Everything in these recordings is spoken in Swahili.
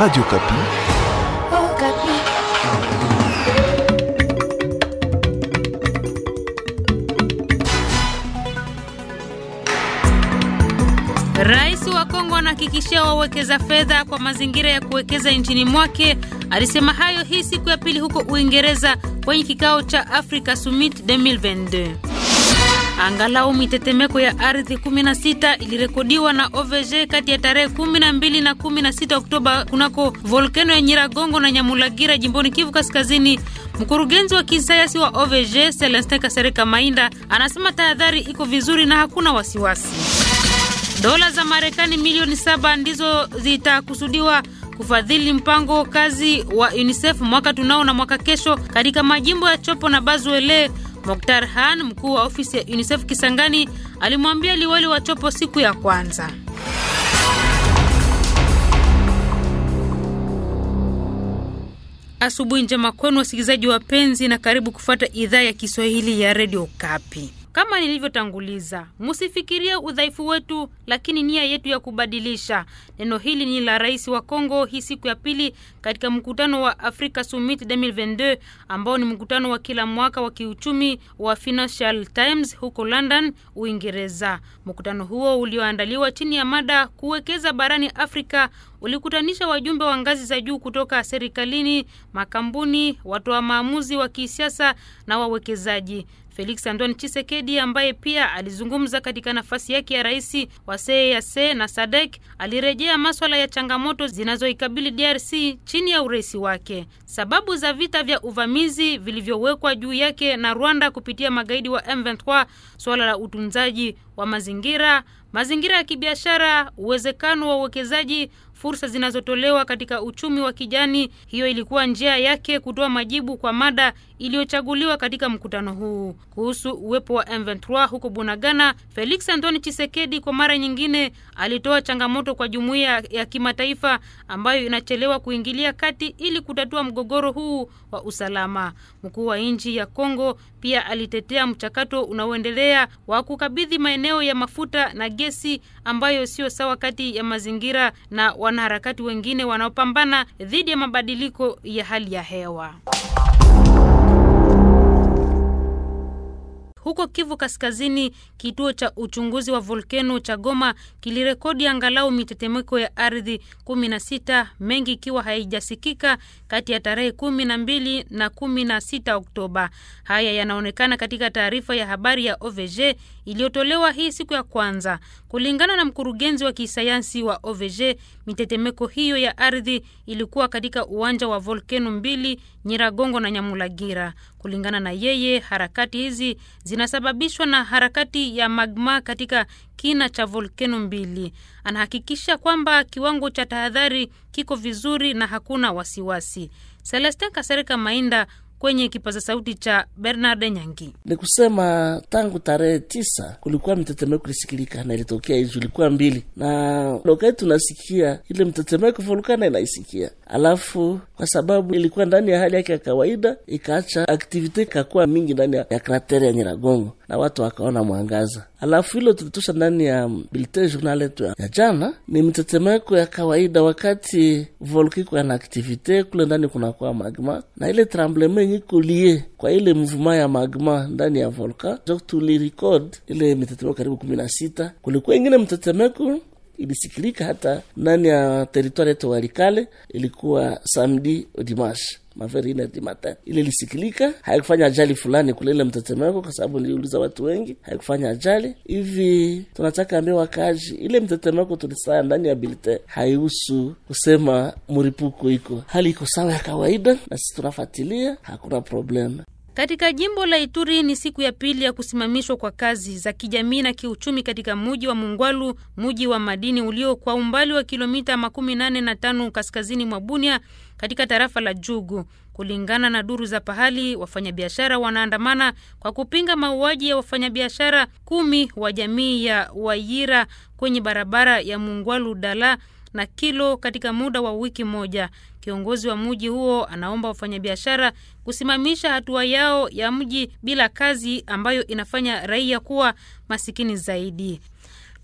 Radio Kapi. Oh, Kapi. Rais wa Kongo anahakikishia wawekeza fedha kwa mazingira ya kuwekeza nchini mwake. Alisema hayo hii siku ya pili huko Uingereza kwenye kikao cha Africa Summit 2022. Angalau mitetemeko ya ardhi 16 ilirekodiwa na OVG kati ya tarehe 12 na 16 Oktoba kunako volkeno ya Nyiragongo na Nyamulagira jimboni Kivu Kaskazini. Mkurugenzi wa kisayansi wa OVG Celestin Kasereka Mainda anasema tahadhari iko vizuri na hakuna wasiwasi. Dola za Marekani milioni saba ndizo zitakusudiwa kufadhili mpango kazi wa UNICEF mwaka tunao na mwaka kesho katika majimbo ya Chopo na Bazuele Moktar Han, mkuu wa ofisi ya UNICEF Kisangani, alimwambia liwali wa Chopo siku ya kwanza. Asubuhi njema kwenu wasikilizaji wapenzi, na karibu kufuata idhaa ya Kiswahili ya Radio Kapi. Kama nilivyotanguliza, musifikirie udhaifu wetu, lakini nia yetu ya kubadilisha. Neno hili ni la rais wa Kongo hii siku ya pili katika mkutano wa Africa Summit 2022 ambao ni mkutano wa kila mwaka wa kiuchumi wa Financial Times huko London, Uingereza. Mkutano huo ulioandaliwa chini ya mada kuwekeza barani Afrika ulikutanisha wajumbe wa ngazi za juu kutoka serikalini, makampuni, watoa maamuzi wa kisiasa na wawekezaji. Felix Antoine Chisekedi ambaye pia alizungumza katika nafasi yake ya rais wa CEEAC na SADC alirejea maswala ya changamoto zinazoikabili DRC chini ya urais wake, sababu za vita vya uvamizi vilivyowekwa juu yake na Rwanda kupitia magaidi wa M23, swala la utunzaji wa mazingira, mazingira ya kibiashara, uwezekano wa uwekezaji fursa zinazotolewa katika uchumi wa kijani. Hiyo ilikuwa njia yake kutoa majibu kwa mada iliyochaguliwa katika mkutano huu kuhusu uwepo wa M23 huko Bunagana. Felix antoni Chisekedi kwa mara nyingine alitoa changamoto kwa jumuiya ya kimataifa ambayo inachelewa kuingilia kati ili kutatua mgogoro huu wa usalama. Mkuu wa nchi ya Kongo pia alitetea mchakato unaoendelea wa kukabidhi maeneo ya mafuta na gesi ambayo sio sawa kati ya mazingira na wanaharakati wengine wanaopambana dhidi ya mabadiliko ya hali ya hewa. Huko Kivu Kaskazini, kituo cha uchunguzi wa volkeno cha Goma kilirekodi angalau mitetemeko ya ardhi 16 mengi ikiwa haijasikika kati ya tarehe 12 na 16 Oktoba. Haya yanaonekana katika taarifa ya habari ya OVG iliyotolewa hii siku ya kwanza. Kulingana na mkurugenzi wa kisayansi wa OVG, mitetemeko hiyo ya ardhi ilikuwa katika uwanja wa volkeno mbili, Nyiragongo na Nyamulagira. Kulingana na yeye, harakati hizi zinasababishwa na harakati ya magma katika kina cha volkeno mbili. Anahakikisha kwamba kiwango cha tahadhari kiko vizuri na hakuna wasiwasi. Celestin Kasereka Mainda kwenye kipaza sauti cha Bernard Nyangi ni kusema tangu tarehe tisa kulikuwa mtetemeko lisikilika na ilitokea hizo ilikuwa mbili, na lokai tunasikia ile mtetemeko volkana inaisikia, alafu kwa sababu ilikuwa ndani ya hali yake ya kawaida, ikaacha aktivite ikakuwa mingi ndani ya krateri ya Nyiragongo na watu wakaona mwangaza. Alafu hilo tulitosha ndani ya bilte journal yetu ya jana, ni mtetemeko ya kawaida wakati volkiko yana aktivite kule ndani kunakuwa magma na ile tremblement mchanganyiko kwa ile mvuma ya magma ndani ya volka. Tulirekod ile mitetemeko karibu kumi na sita. Kulikuwa ingine mtetemeko ilisikilika hata ndani ya teritwari yetu Walikale, ilikuwa samedi dimash maveri ine di matin ile lisikilika, haikufanya ajali fulani kule ile mtetemeko, kwa sababu niliuliza watu wengi, haikufanya ajali hivi. Tunataka ambia wakaji ile mtetemeko tulisaya ndani ya bilte haihusu kusema muripuko iko, hali iko sawa ya kawaida, na sisi tunafatilia, hakuna problem katika jimbo la Ituri ni siku ya pili ya kusimamishwa kwa kazi za kijamii na kiuchumi katika muji wa Mungwalu, muji wa madini ulio kwa umbali wa kilomita makumi nane na tano kaskazini mwa Bunia katika tarafa la Jugu. Kulingana na duru za pahali, wafanyabiashara wanaandamana kwa kupinga mauaji ya wafanyabiashara kumi wa jamii ya Wayira kwenye barabara ya Mungwalu Dala na Kilo katika muda wa wiki moja. Kiongozi wa mji huo anaomba wafanyabiashara kusimamisha hatua yao ya mji bila kazi ambayo inafanya raia kuwa masikini zaidi.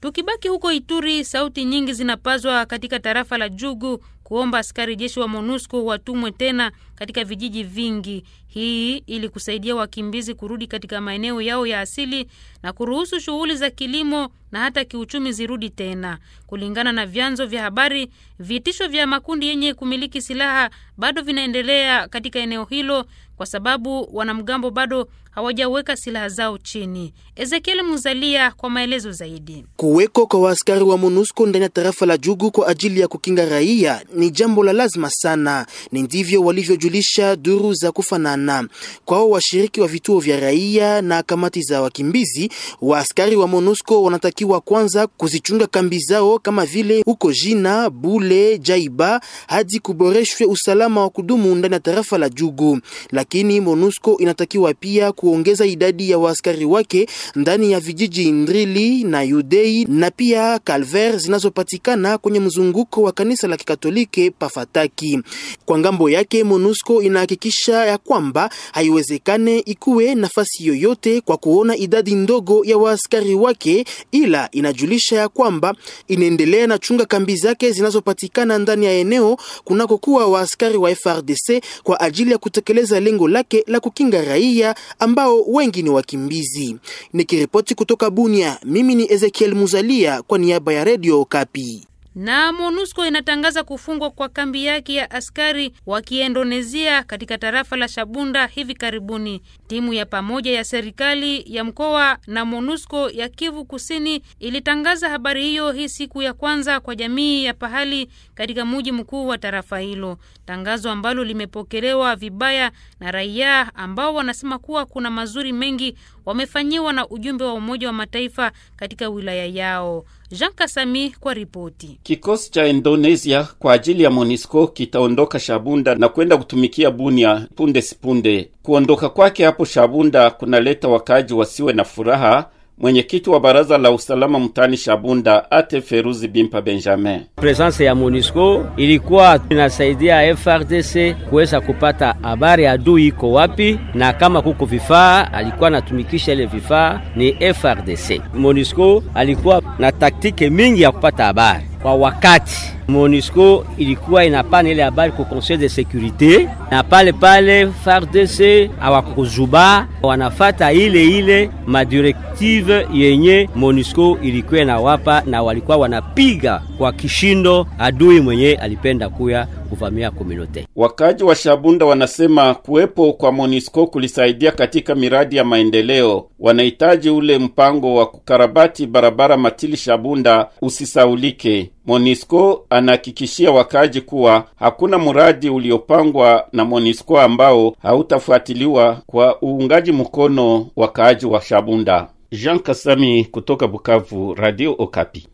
Tukibaki huko Ituri, sauti nyingi zinapazwa katika tarafa la Jugu kuomba askari jeshi wa MONUSCO watumwe tena katika vijiji vingi, hii ili kusaidia wakimbizi kurudi katika maeneo yao ya asili na kuruhusu shughuli za kilimo na hata kiuchumi zirudi tena. Kulingana na vyanzo vya habari, vitisho vya makundi yenye kumiliki silaha bado vinaendelea katika eneo hilo kwa sababu wanamgambo bado hawajaweka silaha zao chini. Ezekiel Muzalia kwa maelezo zaidi. Kuweko kwa waaskari wa MONUSCO ndani ya tarafa la Jugu kwa ajili ya kukinga raia ni jambo la lazima sana, ni ndivyo walivyo kujulisha duru za kufanana. Kwao washiriki wa vituo vya raia na kamati za wakimbizi, waaskari wa MONUSCO wanatakiwa kwanza kuzichunga kambi zao kama vile huko Jina, Bule, Jaiba hadi kuboreshwe usalama wa kudumu ndani ya tarafa la Jugu. Lakini MONUSCO inatakiwa pia kuongeza idadi ya waaskari wake ndani ya vijiji Ndrili na Yudei na pia Calver zinazopatikana kwenye mzunguko wa kanisa la Kikatolike Pafataki. Kwa ngambo yake MONUSCO MONUSCO inahakikisha ya kwamba haiwezekane ikuwe nafasi yoyote kwa kuona idadi ndogo ya waaskari wake, ila inajulisha ya kwamba inaendelea na chunga kambi zake zinazopatikana ndani ya eneo kunakokuwa waaskari wa FRDC kwa ajili ya kutekeleza lengo lake la kukinga raia ambao wengi ni wakimbizi. Nikiripoti kutoka Bunia, mimi ni Ezekiel Muzalia kwa niaba ya Radio Kapi na MONUSCO inatangaza kufungwa kwa kambi yake ya askari wa Kiindonesia katika tarafa la Shabunda hivi karibuni. Timu ya pamoja ya serikali ya mkoa na MONUSCO ya Kivu Kusini ilitangaza habari hiyo hii siku ya kwanza kwa jamii ya pahali katika mji mkuu wa tarafa hilo, tangazo ambalo limepokelewa vibaya na raia ambao wanasema kuwa kuna mazuri mengi wamefanyiwa na ujumbe wa Umoja wa Mataifa katika wilaya yao. Jean Kasami kwa ripoti. Kikosi cha Indonesia kwa ajili ya MONUSCO kitaondoka Shabunda na kwenda kutumikia Bunia punde sipunde. Kuondoka kwake hapo Shabunda kunaleta wakaaji wasiwe na furaha Mwenyekiti wa baraza la usalama mtani Shabunda ate Feruzi Bimpa Benjamin, presence ya MONUSCO ilikuwa inasaidia FRDC kuweza kupata habari adui iko wapi, na kama kuko vifaa alikuwa anatumikisha ile vifaa ni FRDC. MONUSCO alikuwa na taktike mingi ya kupata habari kwa wakati. Monisco ilikuwa inapana ile habari kwa Conseil de Securite, na pale pale FARDC awakuzuba wanafata ile ile madirektive yenye Monisco ilikuwa inawapa, na walikuwa wanapiga kwa kishindo adui mwenye alipenda kuya kuvamia komunote. Wakaji wa Shabunda wanasema kuwepo kwa Monisco kulisaidia katika miradi ya maendeleo. Wanahitaji ule mpango wa kukarabati barabara Matili Shabunda usisaulike. Monisco anahakikishia wakaji kuwa hakuna mradi uliopangwa na Monisco ambao hautafuatiliwa kwa uungaji mkono wakaaji wa Shabunda. Jean Kasami kutoka Bukavu, Radio Okapi.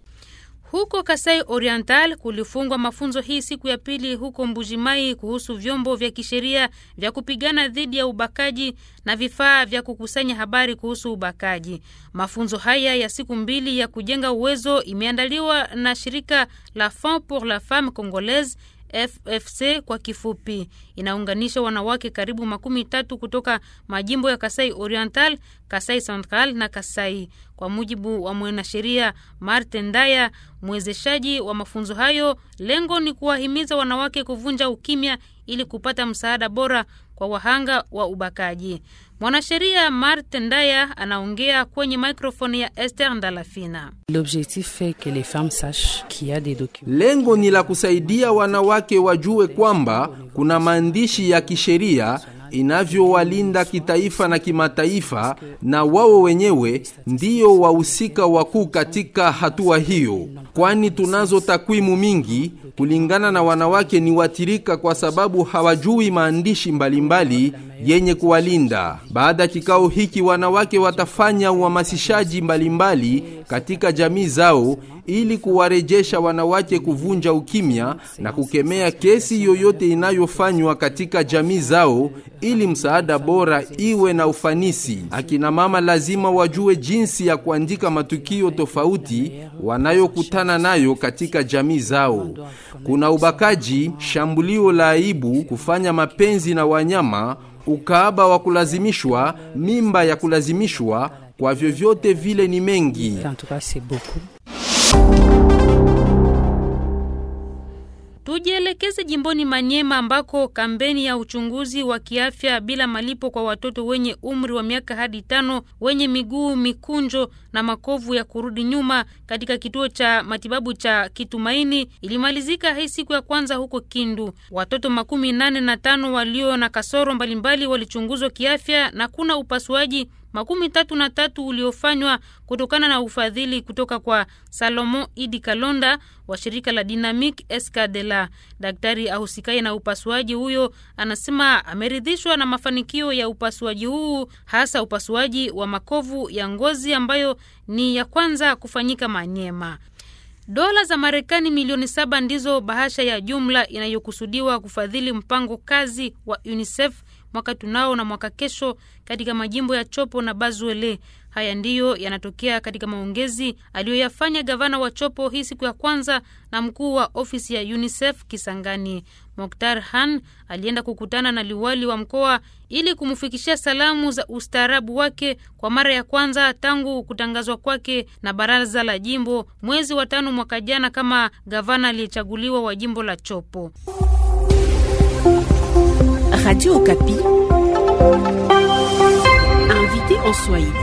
Huko Kasai Oriental kulifungwa mafunzo hii siku ya pili huko Mbujimai kuhusu vyombo vya kisheria vya kupigana dhidi ya ubakaji na vifaa vya kukusanya habari kuhusu ubakaji. Mafunzo haya ya siku mbili ya kujenga uwezo imeandaliwa na shirika la Fond pour la Femme Congolaise FFC kwa kifupi, inaunganisha wanawake karibu makumi tatu kutoka majimbo ya Kasai Oriental, Kasai Central na Kasai. Kwa mujibu wa mwanasheria Martin Ndaya, mwezeshaji wa mafunzo hayo, lengo ni kuwahimiza wanawake kuvunja ukimya ili kupata msaada bora kwa wahanga wa ubakaji. Mwanasheria Marte Ndaya anaongea kwenye mikrofoni ya Esther Ndalafina. Lengo ni la kusaidia wanawake wajue kwamba kuna maandishi ya kisheria inavyowalinda kitaifa na kimataifa, na wao wenyewe ndiyo wahusika wakuu katika hatua hiyo, kwani tunazo takwimu mingi kulingana na wanawake ni watirika kwa sababu hawajui maandishi mbalimbali mbali yenye kuwalinda. Baada ya kikao hiki, wanawake watafanya uhamasishaji mbalimbali katika jamii zao ili kuwarejesha wanawake kuvunja ukimya na kukemea kesi yoyote inayofanywa katika jamii zao, ili msaada bora iwe na ufanisi. Akina mama lazima wajue jinsi ya kuandika matukio tofauti wanayokutana nayo katika jamii zao. Kuna ubakaji, shambulio la aibu, kufanya mapenzi na wanyama, ukaaba wa kulazimishwa, mimba ya kulazimishwa. Kwa vyovyote vile ni mengi. Tujielekeze jimboni Manyema ambako kampeni ya uchunguzi wa kiafya bila malipo kwa watoto wenye umri wa miaka hadi tano wenye miguu mikunjo na makovu ya kurudi nyuma katika kituo cha matibabu cha Kitumaini ilimalizika hii siku ya kwanza huko Kindu. Watoto makumi nane na tano walio na kasoro mbalimbali walichunguzwa kiafya na kuna upasuaji makumi tatu na tatu uliofanywa kutokana na ufadhili kutoka kwa Salomo Idi Kalonda wa shirika la Dynamic Escadela. Daktari ahusikaye na upasuaji huyo anasema ameridhishwa na mafanikio ya upasuaji huu, hasa upasuaji wa makovu ya ngozi ambayo ni ya kwanza kufanyika Manyema. Dola za Marekani milioni saba ndizo bahasha ya jumla inayokusudiwa kufadhili mpango kazi wa UNICEF mwaka tunao na mwaka kesho katika majimbo ya Chopo na Bazuele. Haya ndiyo yanatokea katika maongezi aliyoyafanya gavana wa Chopo hii siku ya kwanza na mkuu wa ofisi ya UNICEF Kisangani. Moktar Han alienda kukutana na liwali wa mkoa ili kumfikishia salamu za ustaarabu wake kwa mara ya kwanza tangu kutangazwa kwake na baraza la jimbo mwezi wa tano mwaka jana kama gavana aliyechaguliwa wa jimbo la Chopo. Radio Okapi, invité en Swahili.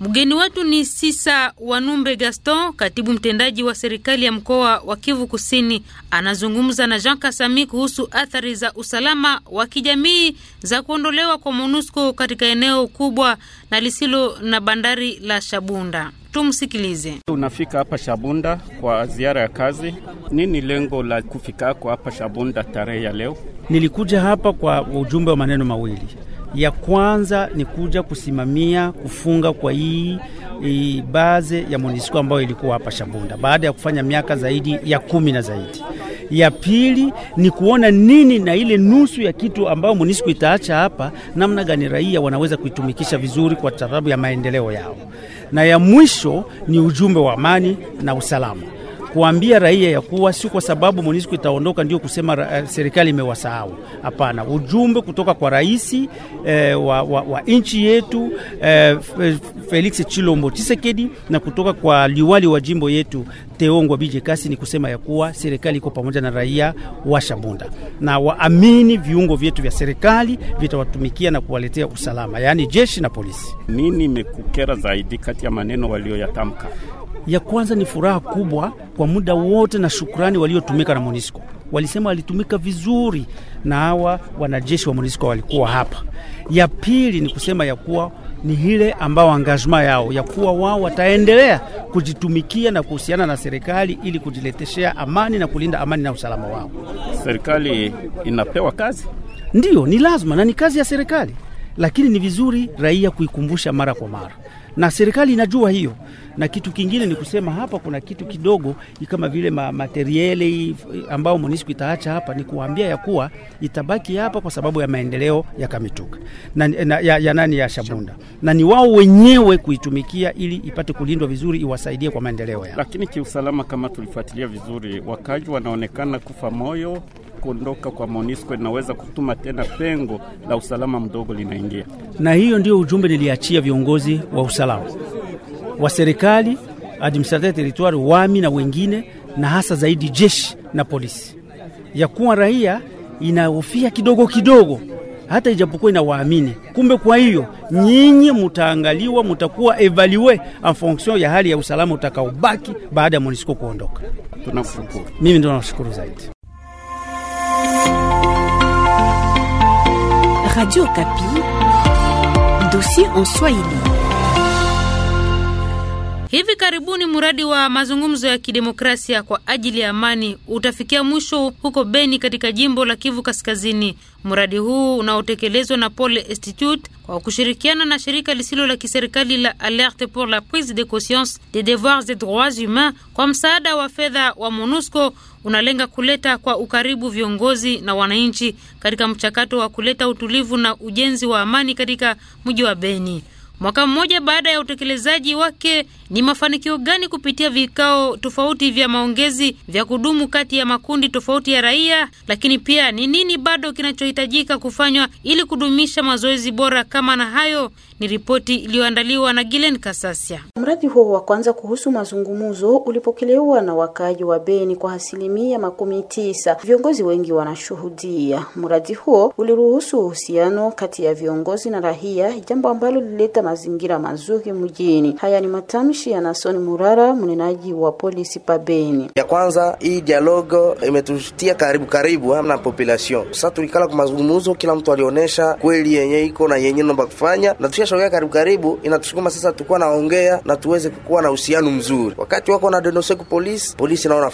Mgeni wetu ni Sisa Wanumbe Gaston, katibu mtendaji wa serikali ya mkoa wa Kivu Kusini. Anazungumza na Jean Kasami kuhusu athari za usalama wa kijamii za kuondolewa kwa MONUSCO katika eneo kubwa na lisilo na bandari la Shabunda. Tumsikilize. Unafika hapa Shabunda kwa ziara ya kazi, nini lengo la kufikako hapa Shabunda tarehe ya leo? Nilikuja hapa kwa ujumbe wa maneno mawili. Ya kwanza ni kuja kusimamia kufunga kwa hii hii baze ya MONUSCO ambayo ilikuwa hapa Shabunda baada ya kufanya miaka zaidi ya kumi na zaidi ya pili ni kuona nini na ile nusu ya kitu ambayo MONUSCO itaacha hapa, namna gani raia wanaweza kuitumikisha vizuri kwa sababu ya maendeleo yao, na ya mwisho ni ujumbe wa amani na usalama kuambia raia ya kuwa si kwa sababu MONUSCO itaondoka ndio kusema uh, serikali imewasahau. Hapana, ujumbe kutoka kwa rais eh, wa, wa, wa nchi yetu eh, Felix Chilombo Chisekedi na kutoka kwa liwali wa jimbo yetu Teongwa Bije Kasi ni kusema ya kuwa serikali iko pamoja na raia wa Shabunda na waamini viungo vyetu vya serikali vitawatumikia na kuwaletea usalama, yaani jeshi na polisi. Nini imekukera zaidi kati ya maneno walioyatamka? Ya kwanza ni furaha kubwa kwa muda wote na shukrani waliotumika na MONUSCO. Walisema walitumika vizuri na hawa wanajeshi wa MONUSCO walikuwa hapa. Ya pili ni kusema ya kuwa ni hile ambao angajma yao ya kuwa wao wataendelea kujitumikia na kuhusiana na serikali ili kujileteshea amani na kulinda amani na usalama wao. Serikali inapewa kazi, ndiyo ni lazima na ni kazi ya serikali, lakini ni vizuri raia kuikumbusha mara kwa mara na serikali inajua hiyo. Na kitu kingine ni kusema hapa kuna kitu kidogo kama vile ma materieli ambao MONUSCO itaacha hapa, ni kuambia ya kuwa itabaki hapa kwa sababu ya maendeleo ya Kamituka na, na, ya, ya nani ya Shabunda, na ni wao wenyewe kuitumikia ili ipate kulindwa vizuri, iwasaidie kwa maendeleo yao. Lakini kiusalama, kama tulifuatilia vizuri, wakaji wanaonekana kufa moyo kuondoka kwa Monisco inaweza kutuma tena pengo la usalama mdogo linaingia, na hiyo ndio ujumbe niliachia viongozi wa usalama usalama wa serikali, administrateur territoire, wami na wengine, na hasa zaidi jeshi na polisi, ya kuwa raia inahofia kidogo kidogo hata ijapokuwa inawaamini. Kumbe kwa hiyo nyinyi mutaangaliwa, mutakuwa evalue en fonction ya hali ya usalama utakaobaki baada ya MONUSCO kuondoka. Tunakushukuru. Mimi ndo nashukuru zaidi. Radio Kapi, dossier en Swahili. Hivi karibuni mradi wa mazungumzo ya kidemokrasia kwa ajili ya amani utafikia mwisho huko Beni katika jimbo la Kivu Kaskazini. Mradi huu unaotekelezwa na Pole Institute kwa kushirikiana na shirika lisilo la kiserikali la Alerte pour la prise de conscience des devoirs et droits humains kwa msaada wa fedha wa MONUSCO unalenga kuleta kwa ukaribu viongozi na wananchi katika mchakato wa kuleta utulivu na ujenzi wa amani katika mji wa Beni. Mwaka mmoja baada ya utekelezaji wake, ni mafanikio gani kupitia vikao tofauti vya maongezi vya kudumu kati ya makundi tofauti ya raia? Lakini pia ni nini bado kinachohitajika kufanywa ili kudumisha mazoezi bora kama na hayo? Ni ripoti iliyoandaliwa na Gilen Kasasia. Mradi huo wa kwanza kuhusu mazungumzo ulipokelewa na wakaaji wa Beni kwa asilimia makumi tisa. Viongozi wengi wanashuhudia mradi huo uliruhusu uhusiano kati ya viongozi na raia, jambo ambalo lilileta mazingira mazuri mjini. Haya ni matamshi ya Nasoni Murara, mnenaji wa polisi pabeni. Ya kwanza hii dialogo imetutia karibu karibu na population. Sasa tulikala kwa mazungumzo, kila mtu alionyesha kweli yenye iko na yenye naomba kufanya, na tushashogea karibu karibu, inatusukuma sasa tukuwa naongea na tuweze kukuwa na uhusiano mzuri. Wakati wako na denose ku polisi, polisi nao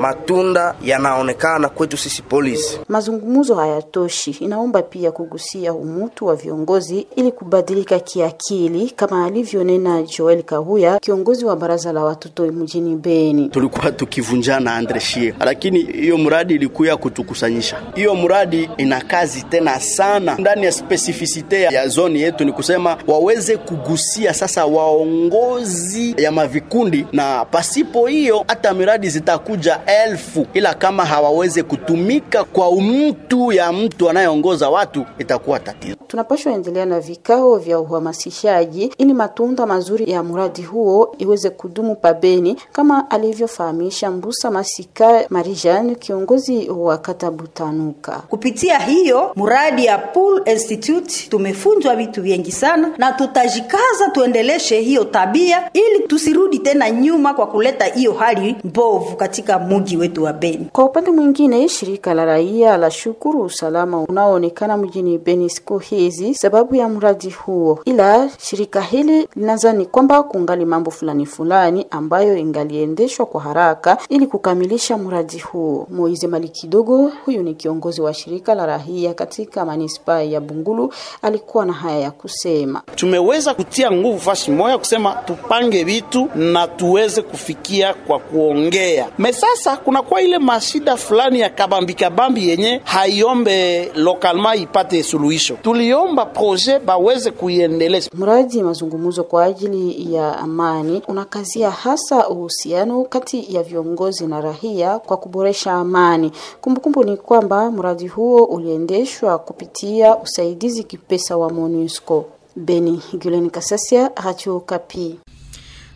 matunda yanaonekana kwetu sisi polisi. Mazungumzo hayatoshi, inaomba pia kugusia umutu wa viongozi ili kubadilika kia kiakili kama alivyonena Joel Kahuya, kiongozi wa baraza la watoto mjini Beni. Tulikuwa tukivunjana Andre Shie, lakini hiyo mradi ilikuya kutukusanyisha. Hiyo mradi ina kazi tena sana ndani ya spesifisite ya zoni yetu, ni kusema waweze kugusia sasa waongozi ya mavikundi, na pasipo hiyo hata miradi zitakuja elfu, ila kama hawaweze kutumika kwa umtu ya mtu anayeongoza watu itakuwa tatizo. Tunapashwa endelea na vikao vya uhamasi uhamasishaji ili matunda mazuri ya mradi huo iweze kudumu pabeni, kama alivyofahamisha Mbusa Masika Marijan, kiongozi wa kata Butanuka. Kupitia hiyo mradi ya Pool Institute tumefunzwa vitu vingi sana, na tutajikaza tuendeleshe hiyo tabia ili tusirudi tena nyuma kwa kuleta hiyo hali mbovu katika muji wetu wa Beni. Kwa upande mwingine, shirika la raia la shukuru usalama unaoonekana mjini Beni siku hizi sababu ya mradi huo ila shirika hili linazani kwamba kungali mambo fulani fulani ambayo ingaliendeshwa kwa haraka ili kukamilisha mradi huo. Moize kidogo huyu ni kiongozi wa shirika la rahia katika manispaa ya Bungulu, alikuwa na haya ya kusema: tumeweza kutia nguvu fashi moya kusema tupange vitu na tuweze kufikia kwa kuongea me. Sasa kunakuwa ile mashida fulani ya kabambi kabambi yenye haiombe lokalma ipate suluhisho, tuliomba proje baweze kuiendelea Mradi mazungumzo kwa ajili ya amani unakazia hasa uhusiano kati ya viongozi na raia kwa kuboresha amani. Kumbukumbu kumbu ni kwamba mradi huo uliendeshwa kupitia usaidizi kipesa wa MONUSCO. Beni Guleni Kasasia, Radio Okapi.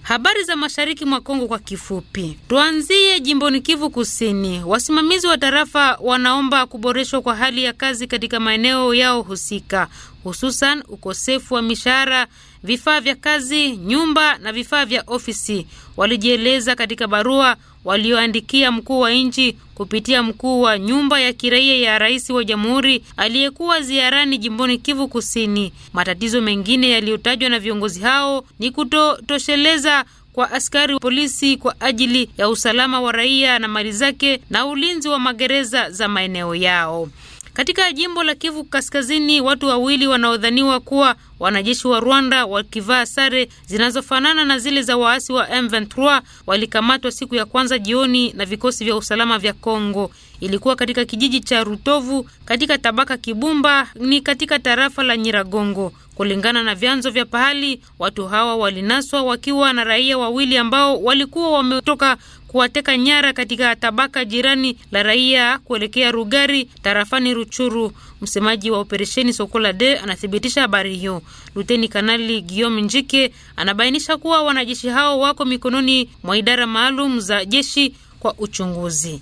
Habari za mashariki mwa Kongo kwa kifupi. Tuanzie jimboni Kivu Kusini. Wasimamizi wa tarafa wanaomba kuboreshwa kwa hali ya kazi katika maeneo yao husika, hususan ukosefu wa mishahara, vifaa vya kazi, nyumba na vifaa vya ofisi. Walijieleza katika barua walioandikia mkuu wa nchi kupitia mkuu wa nyumba ya kiraia ya rais wa jamhuri aliyekuwa ziarani jimboni Kivu Kusini. Matatizo mengine yaliyotajwa na viongozi hao ni kutotosheleza kwa askari polisi kwa ajili ya usalama wa raia na mali zake na ulinzi wa magereza za maeneo yao. Katika jimbo la Kivu Kaskazini, watu wawili wanaodhaniwa kuwa Wanajeshi wa Rwanda wakivaa sare zinazofanana na zile za waasi wa M23 walikamatwa siku ya kwanza jioni na vikosi vya usalama vya Kongo. Ilikuwa katika kijiji cha Rutovu katika tabaka Kibumba ni katika tarafa la Nyiragongo. Kulingana na vyanzo vya pahali, watu hawa walinaswa wakiwa na raia wawili ambao walikuwa wametoka kuwateka nyara katika tabaka jirani la raia kuelekea Rugari tarafani Ruchuru. Msemaji wa operesheni Sokola de anathibitisha habari hiyo. Luteni Kanali Guillaume Njike anabainisha kuwa wanajeshi hao wako mikononi mwa idara maalum za jeshi kwa uchunguzi.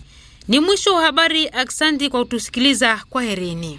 Ni mwisho wa habari. Aksanti kwa kutusikiliza. Kwaherini.